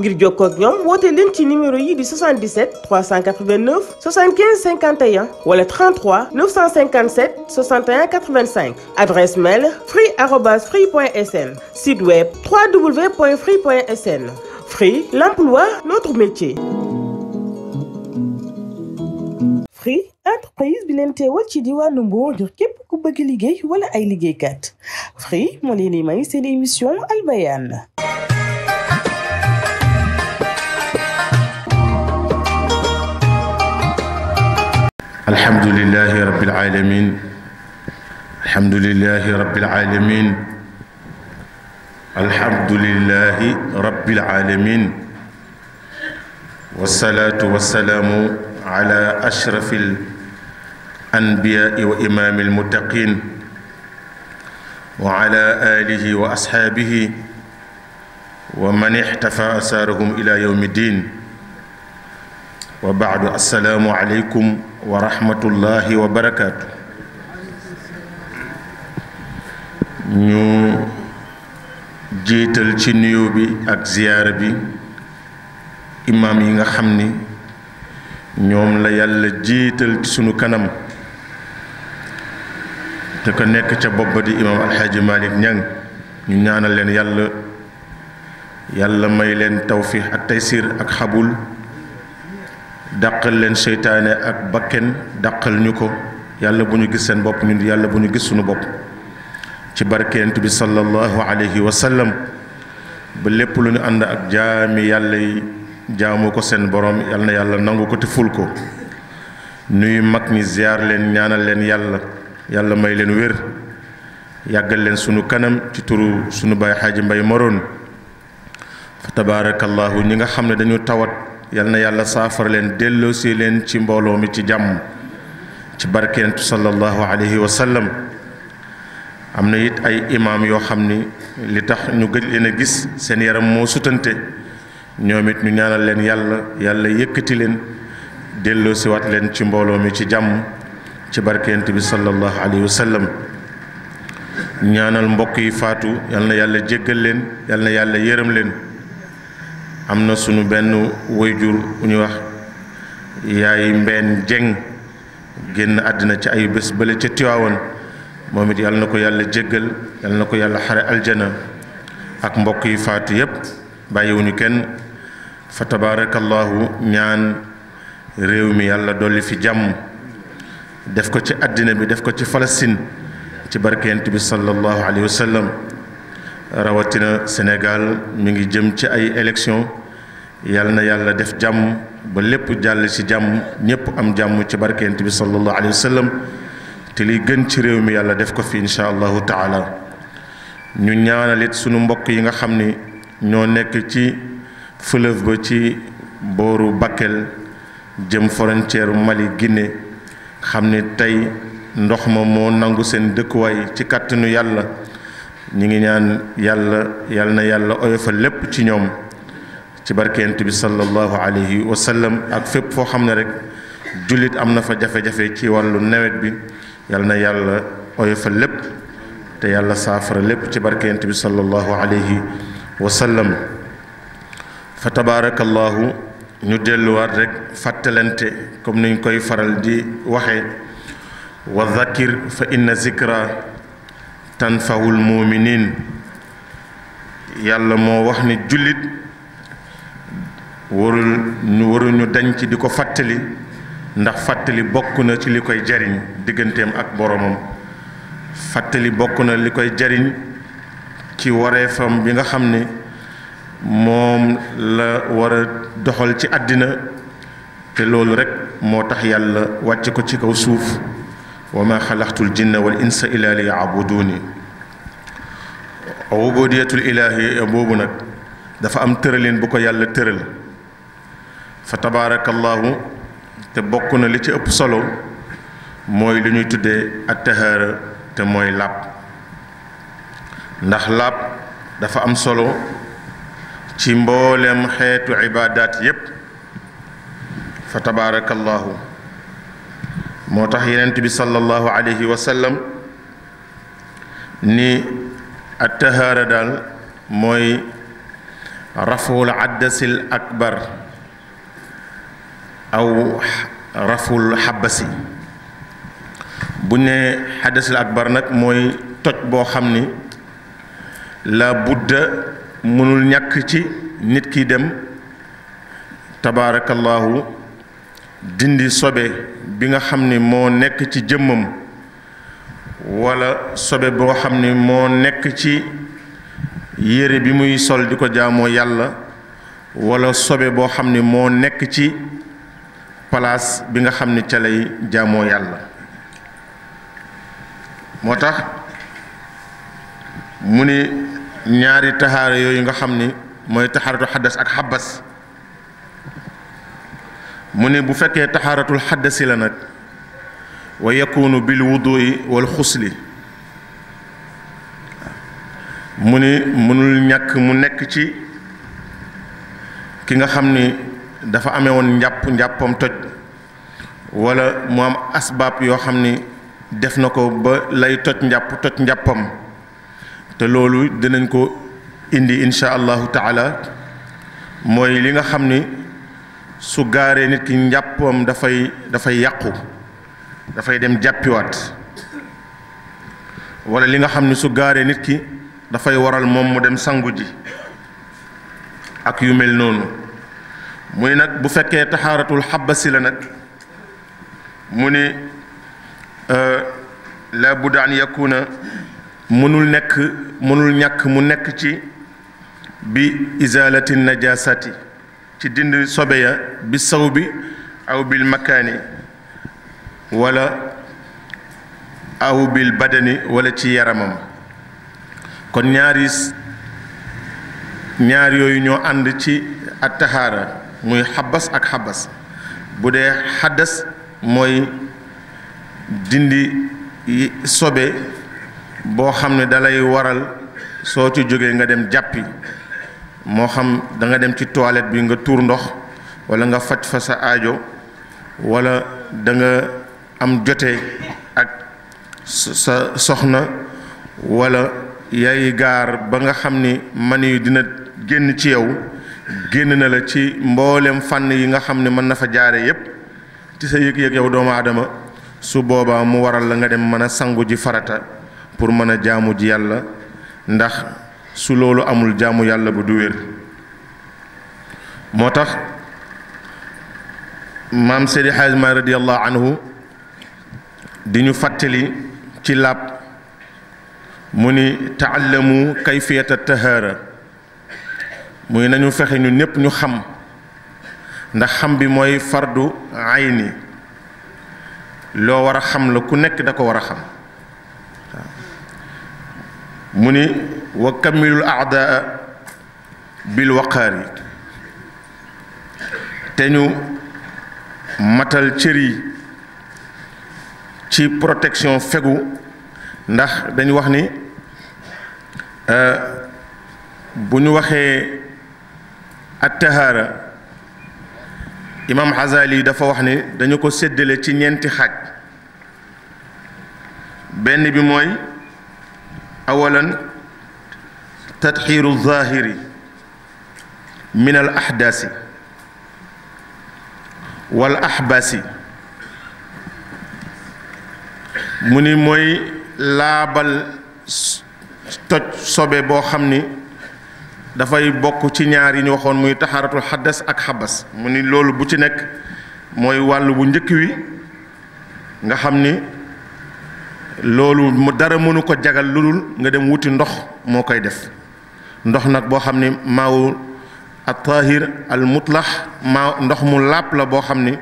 ngir jokkoo ak ñoom woote leen ci numéro yi di 77 389 75 51 wala 33 957 61 85 adresse mail free site web www.free.sn. Free, l'emploi, notre métier. Free entreprise bi leen teewal ci diwaanu Mbour ngir képp ku bëgg liggéey wala ay liggéeykat Free moo leen di may seen émission الحمد لله رب العالمين الحمد لله رب العالمين الحمد لله رب العالمين والصلاة والسلام على أشرف الأنبياء وإمام المتقين وعلى آله وأصحابه ومن احتفى أسارهم إلى يوم الدين وبعد السلام عليكم ورحمة الله وبركاته نيو جيتل شي نيو بي اك زيارة بي امام ييغا خامني نيوم لا يالا جيتل شي سونو كانام تكا نيك تا بوبا دي امام الحاج مالك نيان ني نانال لين يالا يالا ماي لين توفيق اك تيسير اك حبول dàqal leen seytaane ak bakken dàqal ko yàlla bu ñu gis seen bopp ñun yàlla bu ñu gis suñu bopp ci barkeent bi sallallahu alayhi wa sallam ba lépp lu ñu ànd ak jaami yàlla yi jaamu ko seen borom yal na yàlla nangu ko te ful ko nuy mag ñi ziar leen ñaanal leen yàlla yàlla may leen wér yàggal leen sunu kanam ci turu sunu baay xaaji mbay moroon fa tabaarakallahu ñi nga xam ne dañu tawat yal na yàlla saafara leen delloosi leen ci mbooloo mi ci jàmm ci barkeentu sallallahu alayhi wa sallam am na it ay imaam yoo xam ni li tax ñu gëj leen a gis seen yaram moo sutante ñoom it ñu ñaanal leen yàlla yàlla yëkkati leen delloosi waat leen ci mbooloo mi ci jàmm ci barkent bi sallallahu alayhi wa sallam ñaanal mbokk yi faatu yal na yàlla jéggal leen yal yàlla yërëm leen am na sunu benn wayjur bu ñu wax yaay Mbène Dieng génn àddina ci ay bés bële ca Tiwaawan moom it yàlla na ko yàlla jéggal yàlla na ko yàlla xare aljana ak mbokk yi faatu yépp bàyyiwuñu kenn fa tabaarakallaahu ñaan réew mi yàlla dolli fi jàmm def ko ci àddina bi def ko ci Palestine ci barkeent bi sallallahu alayhi wa rawatina Sénégal mi ngi jëm ci ay élection yàlla na yàlla def jàmm ba lépp jàll ci jàmm ñépp am jàmm ci barkeent bi sallallahu alayhi te li gën ci réew mi yàlla def ko fi incha allahu taala ñu ñaanalit sunu mbokk yi nga xam ni ñoo nekk ci fleuve ba ci booru Bakel jëm frontière Mali ginne xam ni tey ndox ma moo nangu seen dëkkuwaay ci kàttanu yàlla ñi ngi ñaan yàlla yàlla na yàlla oyofal lépp ci ñoom ci barkeent bi sallallahu alayhi wa sallam ak fépp foo xam ne rek jullit am na fa jafe-jafe ci wàllu nawet bi yàlla na yàlla oyofal lépp te yàlla saafara lépp ci barkeent bi sallallahu alayhi wa sallam fa tabaarakallahu ñu delluwaat rek fàttalante comme niñ koy faral di waxe wa dhakir fa inna zikra tanfawul muuminiin yàlla moo wax ni jullit warul ñu waruñu dañ ci di ko fàttali ndax fàttali bokk na ci li koy jariñ digganteem ak boromam fàttali bokk na li koy jariñ ci wareefam bi nga xam ne moom la wara doxal ci àddina te loolu rekk moo tax yàlla wàcce ko ci kaw suuf وما خلقت الجن والإنس إلا ليعبدوني عبودية الإله يبوبنا دفع أم ترلين بكو يال ترل فتبارك الله تبقنا لتي أبصلو موي لنو تدي التهار تموي لاب ndax lab dafa am solo ci mbolem xetu ibadat yep fa tabarakallahu moo tax yenent bi sallallahu alayhi wa sallam ni attahaara daal mooy raful addasil akbar aw raful xabasi bu ne xaddasil akbar nag mooy toj boo xam ni la budda mënul ñakk ci nit ki dem tabaarakallaahu dindi sobe bi nga xam ni moo nekk ci jëmmam wala sobe boo xam ni moo nekk ci yére bi muy sol di ko jaamoo yàlla wala sobe boo xam ni moo nekk ci palaas bi nga xam ni ca lay jaamoo yàlla moo tax mu ni ñaari taxaare yooyu nga xam ni mooy taxaaratu xaddas ak xabbas mu ne bu fekkee taxaaratul xaddasi la nag wa yakunu bil wudui wal xusli mu ni mënul ñàkk mu nekk ci ki nga xam ni dafa amee woon njàpp njàppam toj wala mu am asbaab yoo xam ni def na ko ba lay toj njàpp toj njàppam te loolu dinañ ko indi insha allahu taala mooy li nga xam ni su gaaree nit ki njàppam dafay dafay yàqu dafay dem jàppiwaat wala li nga xam ni su gaaree nit ki dafay waral moom mu dem sangu ji ak yu mel noonu mu ni nag bu fekkee taxaaratul xabbasi la nag mu ni euh, la bu daan yakuna mënul nekk mënul ñàkk mu nekk ci bi izalati najasati ci dind sobe ya bi saw bi aw bil makkaani walla aw bil badani wala ci yaramam kon ñaari ñaar yooyu ñoo ànd ci at taxaara muy xabas ak xabas bu dee xaddas mooy dindi sobe boo xam ne dalay waral soo ci jógee nga dem jàppi moo xam danga dem ci toilette bi nga tuur ndox wala nga faj fa sa ajo walla da nga am jote ak sa soxna wala yaay gaar ba nga xam ni man yi dina génn ci yow génn na la ci mboolem fànn yi nga xam ne mën na fa jaare yépp ci sa yëg-yëg yow doomu aadama su boobaa mu waral la nga dem mën a sangu ji farata pour mën a jaamu ji yàlla ndax su loolu amul jaamu yàlla bu du wér moo tax maam Seydi Hadj Maalik radiyallahu anhu di ñu fàttali ci làpp mu ni taallamu kayfiyata tahara muy nañu fexe ñu ñépp ñu xam ndax xam bi mooy fardu ayni loo war a xam la ku nekk da ko war a xam mu ni wa kammilul aadaa bil waqaar yi te ñu matal cër yi ci protection fegu ndax dañu wax ni bu ñu waxee attahaara imam Xazali dafa wax ni dañu ko séddale ci ñeenti xaaj benn bi mooy awalan tatxiiru zaahiri min al ahdaasi wal ahbaasi mu ni mooy laabal toj sobe boo xam ni dafay bokk ci ñaar yi ñu waxoon muy taxaratul xaddas ak xabas mu ni loolu bu ci nekk mooy wàll bu njëkk wi nga xam ni loolu mu dara mënu ko jagal lu dul nga dem wuti ndox moo koy def ndox nag boo xam ni maawu al tahir al mutlax maa ndox mu làpp la boo xam ni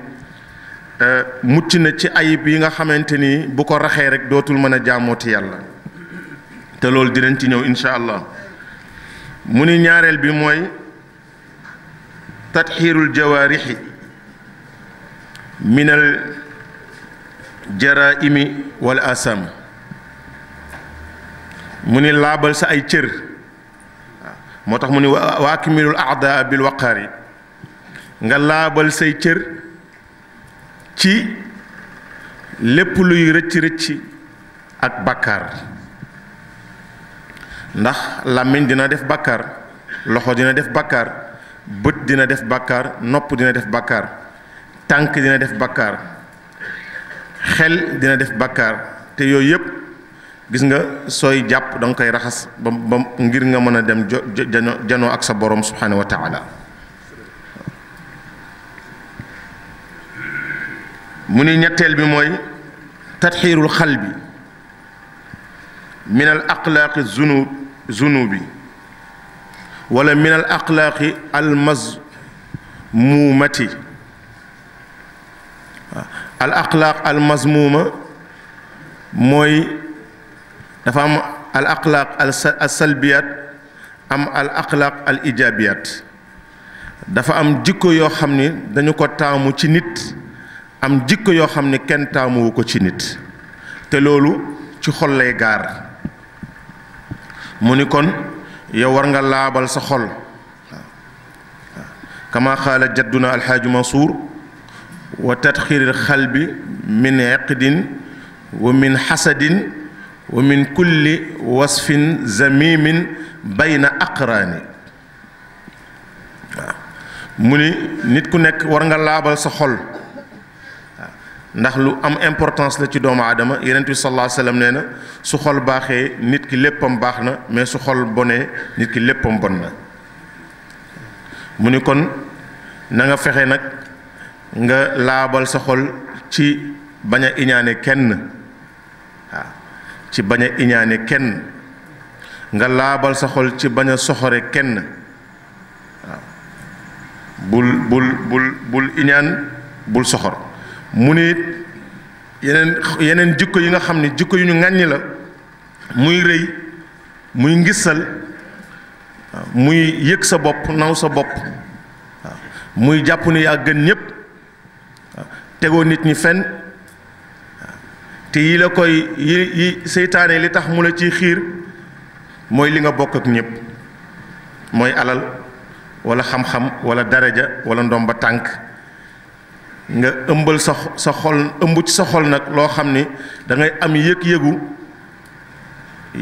euh, mucc na ci ayib yi nga xamante ni bu ko raxee rek dootul mën a jaamooti yàlla te loolu dinañ ci ñëw incha allah mu ni ñaareel bi mooy tatxiirul jawaarixi minal jaraimi wal asam mu ni laabal sa ay cër moo tax mu ni wa akmilul aada bil waqaari nga laabal say cër ci lépp luy rëcc rëcc ak bàkkaar ndax làmmiñ dina def bàkkaar loxo dina def bàkkaar bët dina def bàkkaar nopp dina def bàkkaar tànk dina def bàkkaar xel dina def bàkkaar te yooyu yëpp gis nga sooy jàpp danga koy raxas ba ba ngir nga mën a dem jo janoo ak sa borom subhanahu wa mu ni ñetteel bi mooy tatxiirul xal bi min al axlaaqi zunub zunubi wala min al axlaaqi al mazmumati al axlaaq al mazmuuma mooy dafa am al axlaaq al salbiyaat am al axlaaq al ijaabiyaat dafa am jikko yoo xam ni dañu ko taamu ci nit am jikko yoo xam ni kenn taamuwu ko ci nit te loolu ci xol lay gaar mu ni kon yow war nga laabal sa xol kama xaala jadduna alxaaji Mansour وتدخير الخلب من عقد ومن حسد ومن كل وصف زميم بين أقران مني نيت كو نيك وار نغا لابال سا خول نخلو ام امبورطانس لا تي دوما ادم يرنتي صلى الله عليه وسلم نينا سو خول باخي نيت كي ليپام باخنا مي سو خول بوني نيت كي ليپام بوننا مني كون نغا فخي نك nga laabal sa xol ci bañ a iñaane kenn waaw ci bañ a iñaane kenn nga laabal sa xol ci bañ a soxore kenn waaw bul bul bul bul iñaan bul soxor mu ne yeneen yeneen jikko yi nga xam ne jikko yu ñu ŋàññi la muy rëy muy ngissal muy yëg sa bopp naw sa bopp muy jàpp ne yaa gën ñépp tegoo nit ñi fenn te yi la koy yi yi seytaane li tax mu la ci xiir mooy li nga bokk ak ñëpp mooy alal wala xam-xam wala daraja wala ndomba tànk nga ëmbal sa sa xol ëmb ci sa xol nag loo xam ni da ngay am yëg-yëgu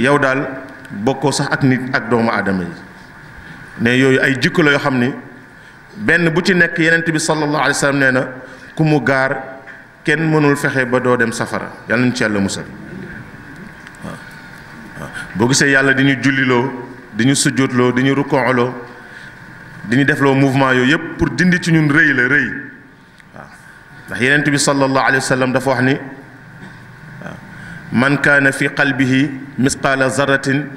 yow daal bokkoo sax ak nit ak doomu aadama yi ne yooyu ay jikko la yoo xam ni benn bu ci nekk bi sallallahu alayhi wa sallam nee na kumu gar ken kenn mënul fexe ba do dem safara yàlla ñu ci yàlla musal bo gisé yàlla di ñu julliloo di ñu sujjootloo di ñu lo di ñu defloo mouvement yooyu yëpp pour dindi ci ñun rëy la rëy ndax yenent bi sallallahu alayhi wasallam dafa wax ni man kana fi qalbihi misqala zarratin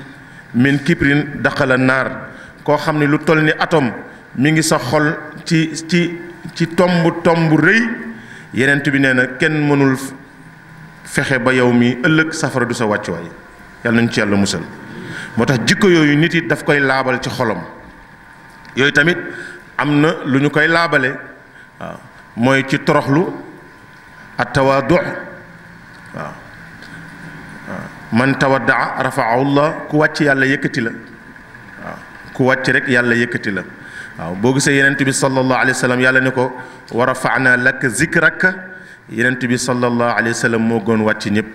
min kibrin dakhala naar koo xam ne lu tolni atom mi ngi sa xol ci ci ci tomb tomb rëy yenent bi nee na kenn mënul fexe ba yow mii ëllëg safara du sa wàccuwaay yàlla nañu ci yàlla musal moo tax jikko yooyu nit yi daf koy laabal ci xolam yooyu tamit am na lu ñu koy laabale mooy ci toroxlu at tawaadu waaw man tawaddaa rafaahu llah ku wàcc yàlla yëkkati la waaw ku wàcc rek yàlla yëkkati la waaw boo gisee yenent bi sallallahu alayhi wa sallam yàlla ni ko war a faana lakk zikrak yenent bi sallallahu alayhi wa sallam moo gën wàcc ñëpp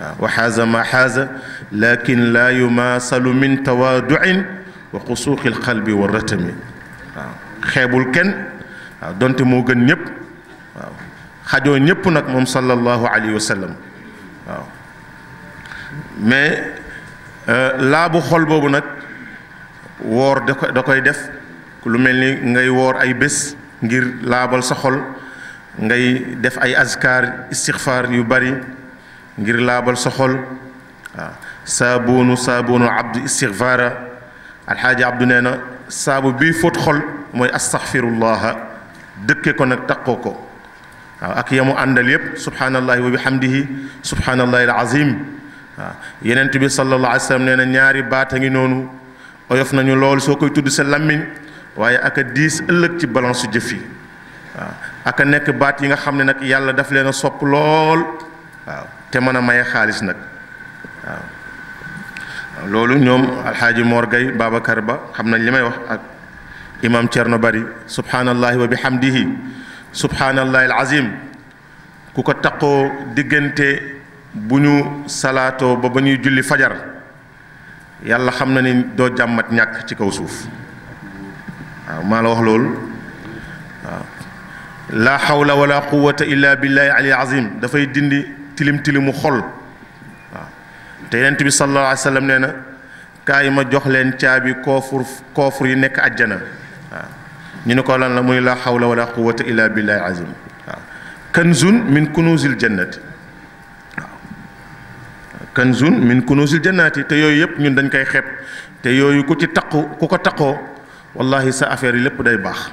waaw wa xaaza ma xaaza lakin laa yumaasalu min tawaaduin wa xusuuqi lxalbi wa ratami waaw xeebul kenn waaw donte moo gën ñëpp waaw xajoo ñëpp nag moom sallallahu alayhi wa sallam waaw mais laa bu xol boobu nag woor da koy def lu mel ni ngay woor ay bés ngir laabal sa xol ngay def ay azkar istixfaar yu bari ngir laabal sa xol waaw saabuunu saabuunu abdu istixfaara alxaaji abdu nee na saabu bii fóot xol mooy astaxfirullaha dëkke ko nag taqoo ko waaw ak yamu àndal yépp subhaanallahi wa bihamdihi subhaanallahi alazim waaw yenent bi sallallahu alayhi wa sallam nee na ñaari baata ngi noonu oyof nañu lool soo koy tudd sa lammiñ waaye aka diis ëllëg ci balance su jëf yi waaw aka nekk baat yi nga xam ne nag yàlla daf leen a sopp lool waaw te mën a maye xaalis nag waaw loolu ñoom alxaaji Mor Gueye Ba xam nañ li may wax ak imam Thierno Bari subhaanallahi wa bihamdihi subhaanallahi alazim ku ko taqoo diggante bu ñu salaatoo ba ba ñuy julli fajar yàlla xam na ni doo jàmmat ñàkk ci kaw suuf waaw maa la wax loolu waaw laa xawla wala quwata illa billahi ali azim dafay dindi tilim tilimu xol waaw te yonent bi sallallahu alayhi wa sallam nee na kaay ma jox leen caabi koofur koofur yi nekk àjjana waaw ñu ne ko lan la muy laa xawla wala quwata illa billahi azim waaw kanzun min kunuzil jannati kanzun min kunuzil jannati te yooyu yëpp ñun dañ koy xeeb te yooyu ku ci taqu ku ko taqoo wallahi sa affaire yi lépp day baax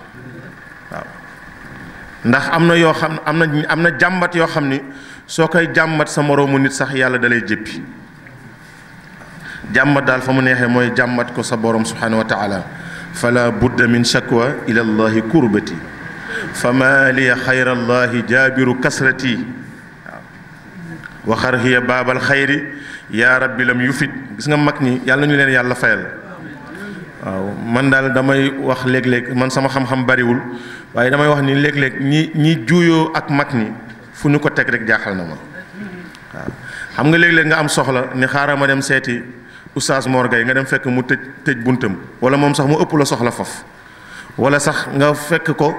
waaw ndax am na yoo xam am na am na jàmbat yoo xam ni soo koy jàmbat sa moroomu nit sax yàlla dalay jéppi jàmbat daal fa mu neexee mooy jàmbat ko sa borom subhanahu wa taala fala budda min shakwa ila llahi kurbati fama liya xayra allahi jaabiru kasrati waaw waxar hiya baabal xayri yaa rabbi lam yufit gis nga mag ñi yàlla ñu leen yàlla fayal waaw man daal damay wax léeg-léeg man sama xam-xam bariwul waaye damay wax ni léeg-léeg ñi ñi juuyoo ak mag ni fu ñu ko teg rek jaaxal na ma waaw xam nga léeg-léeg nga am soxla ni xaaral ma dem seeti oustaz Mor Gueye nga dem fekk mu tëj tëj buntam wala moom sax mu ëpp la soxla faf wala sax nga fekk ko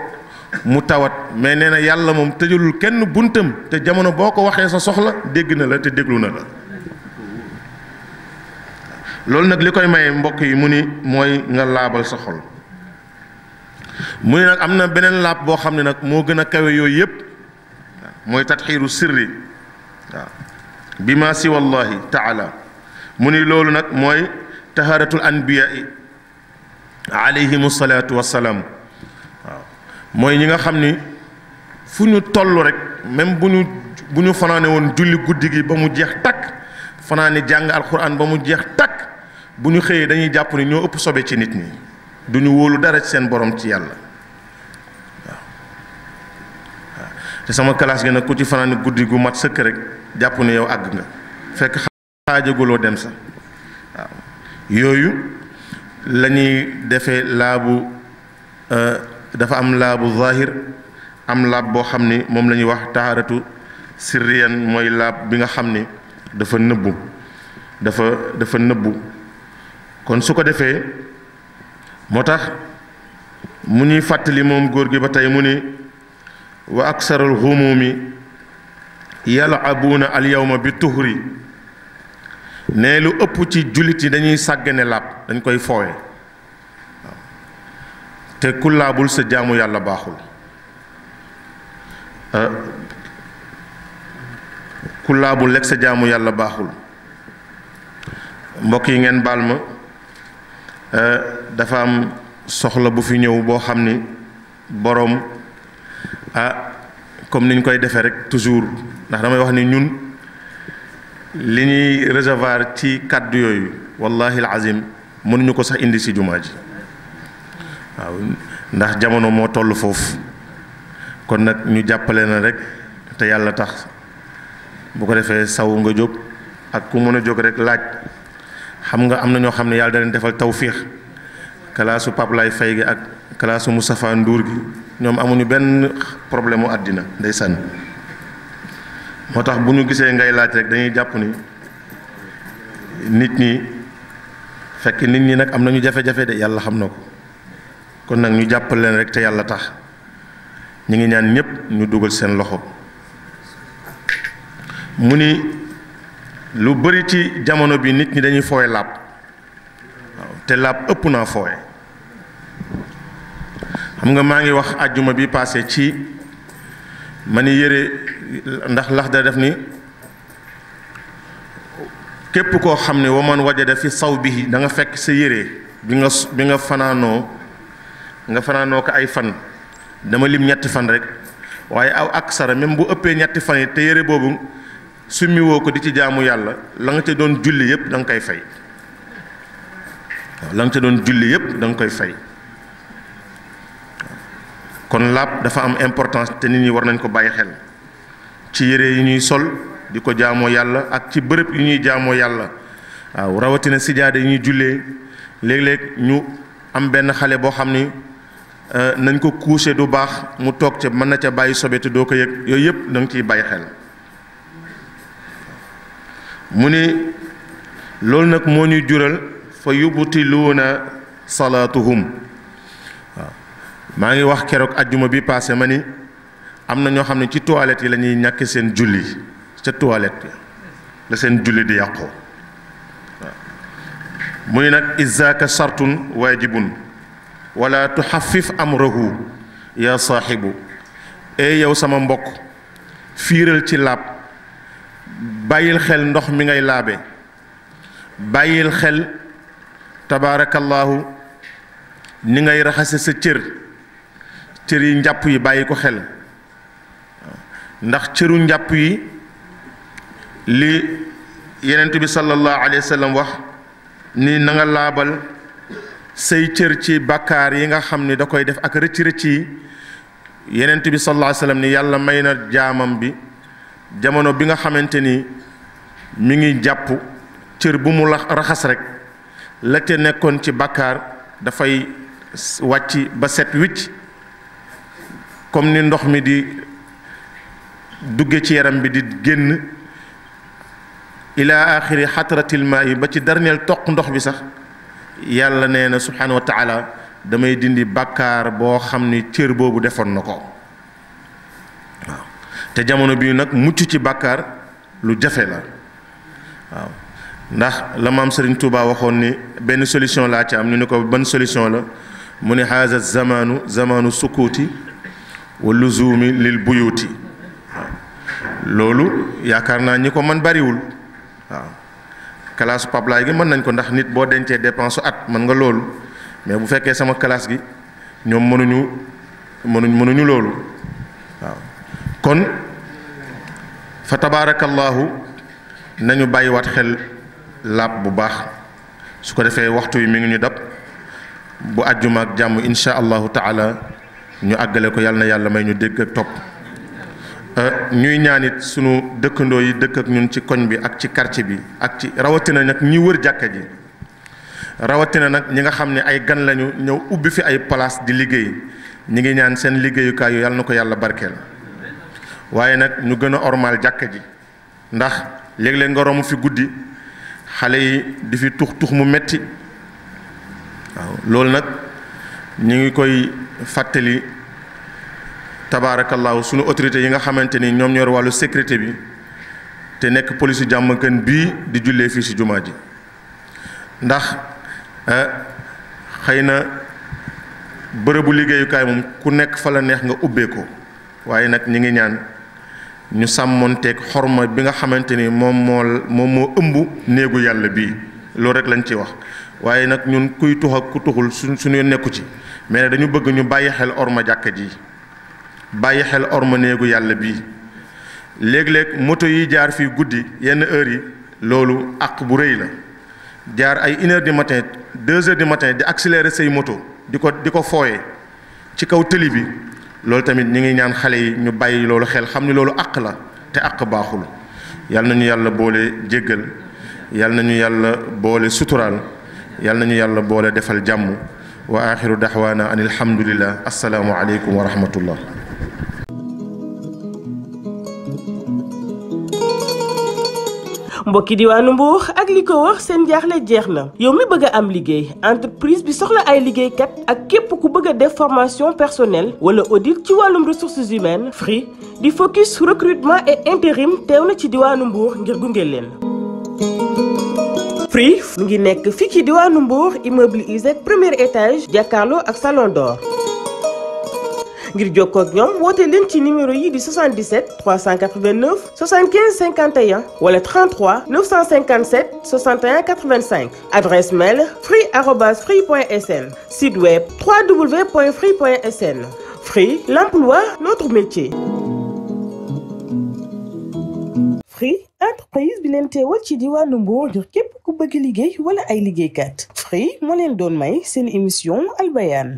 mu tawat mais nee na yàlla moom tëjalul kenn buntam te jamono boo ko waxee sa soxla dégg na la te déglu na la loolu nag li koy maye mbokk yi mu ni mooy nga laabal sa xol mu ni nag am na beneen laab boo xam ne nag moo gën a kawe yooyu yépp mooy tatxiiru sirri waaw bi ma si wallahi taala mu ni loolu nag mooy anbiya anbiyaai alayhimu salaatu wassalaam waaw mooy ñi nga xam ni fu ñu toll rek même bu ñu bu ñu fanaane woon julli guddi gi ba mu jeex takk fanaane jàng alquran ba mu jeex takk bu ñu xëyee dañuy jàpp ni ñoo ëpp sobee ci nit ñi du ñu wóolu dara ci seen boroom ci yàlla te sama classe gi nag ku ci fanaan guddi gu mat sëkk rek jàpp ne yow àgg nga fekk xaajaguloo dem sa waaw yooyu la ñuy defee laabu euh, dafa am laabu zahir am laab boo xam ni moom la ñuy wax taharatu sirriyan mooy laab bi nga xam ni dafa nëbbu dafa dafa nëbbu kon su ko defee moo tax mu ñuy fàttali moom góor gi ba tey mu ni wa aksarul xumuumi yalabuuna alyawma bi tuhri ne lu ëpp ci jullit yi dañuy sàggane làpp dañ koy foowe te ku sa jaamu yàlla baaxul ah, ku laabul sa jaamu yàlla baaxul mbokk yi ngeen baal ma Euh, dafa am soxla bu fi ñëw boo xam ni boroom a comme niñ koy defee rek toujours ndax damay wax ni ñun li ñuy recevoir ci kàddu yooyu wallahi alazim mënuñu ko sax indi si jumaa ji waaw ndax jamono moo toll foofu kon nag ñu jàppale na rek te yàlla tax bu ko defee saw nga jóg ak ku mën a jóg rek laaj xam nga am na ñoo xam ne yàlla da leen defal tawfiix kalaasu Pape Lay Fay gi ak kalaasu Moustapha Ndour gi ñoom amuñu benn problème mu àddina ndeysaan moo tax bu ñu gisee ngay laaj rek dañuy jàpp ni nit ñi fekk nit ñi nag am nañu jafe-jafe de yàlla xam na ko kon nag ñu jàppal leen rek te yàlla tax ñu ngi ñaan ñëpp ñu dugal seen loxo mu ni lu bari ci jamono bi nit ñi dañuy fooye làpp waaw te làpp ëpp naa fooye xam nga maa ngi wax àjjuma bi passé ci ma ni yére ndax lax da def ni képp koo xam ne waman wajada fi saw bi danga fekk sa yére bi nga bi nga fanaanoo nga fanaanoo ko ay fan dama lim ñetti fan rek waaye aw aksara même bu ëppee ñetti fan yi te yére boobu summi ko di ci jaamu yàlla la nga ca doon julli yëpp danga koy fay la nga ca doon julli yëpp da koy fay kon laab dafa am importance te nit ñi war nañ ko bàyyi xel ci yére yi ñuy sol di ko jaamoo yàlla ak ci bërëb yi ñuy jaamoo yàlla waaw rawatina sijaada yi ñuy jullee léeg-léeg ñu am benn xale boo xam ni euh, nañ ko couché du baax mu toog ca mën na ca bàyyi sobe te doo ko yëg yooyu yëpp da nga ciy bàyyi xel mu ni loolu nag moo ñuy jural fa yubtiluuna salaatuhum waaw maa ngi wax keroog ajjuma bi paase ma ni am na ñoo xam ne ci toilette yi lañuy ñuy ñàkk seen julli ca toilette la seen julli di yàqoo mu ni nag izaka sartun waajibun wala tuxafif amrahu yaa saaxibu ee yow sama mbokk fiiral ci làpp bàyyil xel ndox mi ngay laabe bàyyil xel tabaarakallaahu ni ngay raxase sa cër cër yi njàpp yi bàyyi ko xel ndax cëru njàpp yi li yenent bi sallallahu alayhi wa sallam wax ni na nga laabal say cër ci bàkkaar yi nga xam ni da koy def ak rëcc rëcc yi yenent bi sallallahu alayhi wa sallam ni yàlla may na jaamam bi jamono bi nga xamante ni mi ngi jàpp cër bu mu raxas rek la ca nekkoon ci bàkkaar dafay wàcc ba set wicc comme ni ndox mi di dugge ci yaram bi di génn ila axiri xatratil maa yi ba ci dernier toq ndox bi sax yàlla nee na subhanahu wa damay dindi bàkkaar boo xam ni cër boobu defoon na ko te jamono bii nag mucc ci bàkkaar lu jafe la waaw ndax la am Serigne Touba waxoon ni benn solution laa ci am ñu ne ko ban solution la mu ne haza zamanu zamanu sukkuuti wa luzumi lil buyuuti loolu yaakaar naa ñi ko man bariwul waaw classe paplaay gi mën nañ ko ndax nit boo dencee dépense at mën nga loolu mais bu fekkee sama kalaas gi ñoom mënuñu mënuñ mënuñu loolu waaw kon fa tabaarakallaahu nañu bàyyi bàyyiwaat xel laab bu baax su ko defee waxtu wi mi ngi ñu dab bu àjjuma jàmm insha allahu taala ñu àggale ko yàlla na yàlla may ñu dégg ak topp euh, ñuy ñaan it sunu dëkkandoo yi dëkk ak ñun ci koñ bi ak ci quartier bi ak ci rawatina nag ñi wër jàkka ji rawatina nag ñi nga xam ne ay gan lañu ñëw ubbi fi ay place di liggéey ñi ngi ñaan seen liggéeyukaay yu yàlla na ko yàlla barkeel waaye nag ñu gën a ormal jàkka ji ndax léeg-léeg nga romb fi guddi xale yi di fi tux tux mu metti waaw loolu nag ñu ngi koy fàttali tabaarakallaahu sunu autorité yi nga xamante ni ñoom ñor wàllu sécurité bi te nekk police jàmm kën bii di jullee fii si jumaa ji ndax eh, xëy na bërëbu liggéeyukaay moom ku nekk fa la neex nga ubbee ko waaye nag ñu ngi ñaan ñu sàmmoonteeg xorma bi nga xamante ni moom moo moom moo ëmb néegu yàlla bii loolu rek lañ ci wax waaye nag ñun kuy tux ak ku tuxul suñ suñu nekku ci mais dañu bëgg ñu bàyyi xel orma jàkka ji bàyyi xel orma néegu yàlla bii léeg-léeg moto yi jaar fii guddi yenn heures yi loolu àq bu rëy la jaar ay une heure du matin deux heures du matin di accélérer say moto di ko di ko fooye ci kaw tëli bi loolu tamit ñi ngi ñaan xale yi ñu bàyyi loolu xel xamni ni loolu àq la te ak baaxul yalla nañu yàlla boole jéggal yalla nañu yàlla boole sutural yalla nañu yàlla boole defal jàmm wa akhiru dahwana anil hamdulillah assalamu alaykum wa rahmatullah mbokki diwanu Mbour ak liko wax sen jaxle jeexna yow mi bëgg am liggéey entreprise bi soxla ay kat ak képp ku bëgg def formation personnelle wala audit ci walum ressources humaines Free di focus recrutement et intérim teew na ci diwanu Mbour ngir gungel leen. Free mu ngi nekk fii ci diwanu Mbour immeuble ISEC premier étage jakarlo ak salon d'or ngir jokkoo ak ñom leen ci numéro yi di 77 389 75 51 wala 33 957 61 85 adresse mail free site web www.free.sn Free, l'emploi, notre métier. Free entreprise bi leen teewal ci diwaanu Mbour ngir képp ku bëgg liggéey wala ay liggéeykat Free je leen doon may seen émission Al